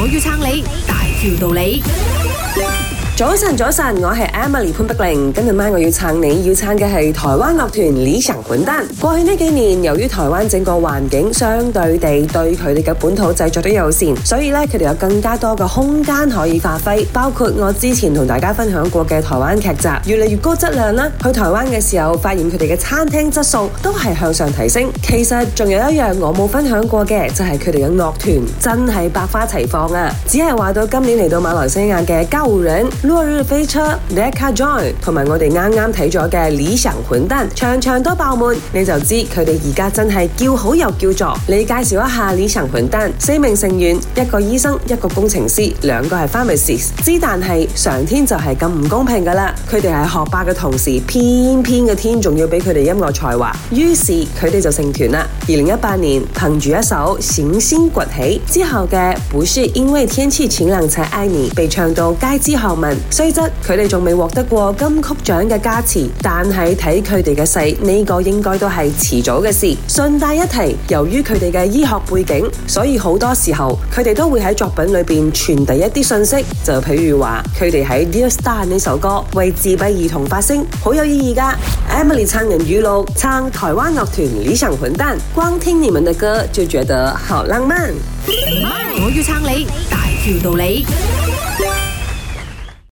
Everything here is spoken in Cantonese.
我要撐你，大條道理。早晨，早晨，我係 Emily 潘碧玲，今日晚我要撐你要撐嘅係台灣樂團理想混蛋。過去呢幾年，由於台灣整個環境相對地對佢哋嘅本土製作都友善，所以呢，佢哋有更加多嘅空間可以發揮。包括我之前同大家分享過嘅台灣劇集，越嚟越高質量啦。去台灣嘅時候，發現佢哋嘅餐廳質素都係向上提升。其實仲有一樣我冇分享過嘅，就係佢哋嘅樂團，真係百花齊放啊！只係話到今年嚟到馬來西亞嘅鳩嶺。《Luv》、《飛車》Joy，剛剛，《Decca Joy》同我哋啱啱睇咗嘅《理想混蛋》，場場都爆滿，你就知佢哋而家真係叫好又叫座。你介紹一下《理想混蛋》，四名成員，一個醫生，一個工程師，兩個係 pharmacist。之但係上天就係咁唔公平噶啦，佢哋係學霸嘅同時，偏偏個天仲要俾佢哋音樂才華，於是佢哋就成團啦。二零一八年憑住一首《閃星崛起》，之後嘅不是因為天氣晴朗才愛你，被唱到街知巷聞。雖則佢哋仲未獲得過金曲獎嘅加持，但係睇佢哋嘅勢，呢、那個應該都係遲早嘅事。順帶一提，由於佢哋嘅醫學背景，所以好多時候佢哋都會喺作品裏邊傳遞一啲信息。就譬如話，佢哋喺《Dear Star》呢首歌為自閉兒童發聲，好有意義噶。 Emily 撐人語錄，撐台灣樂團理想混蛋，光聽你們嘅歌就覺得好浪漫。我要撐你，大條道理。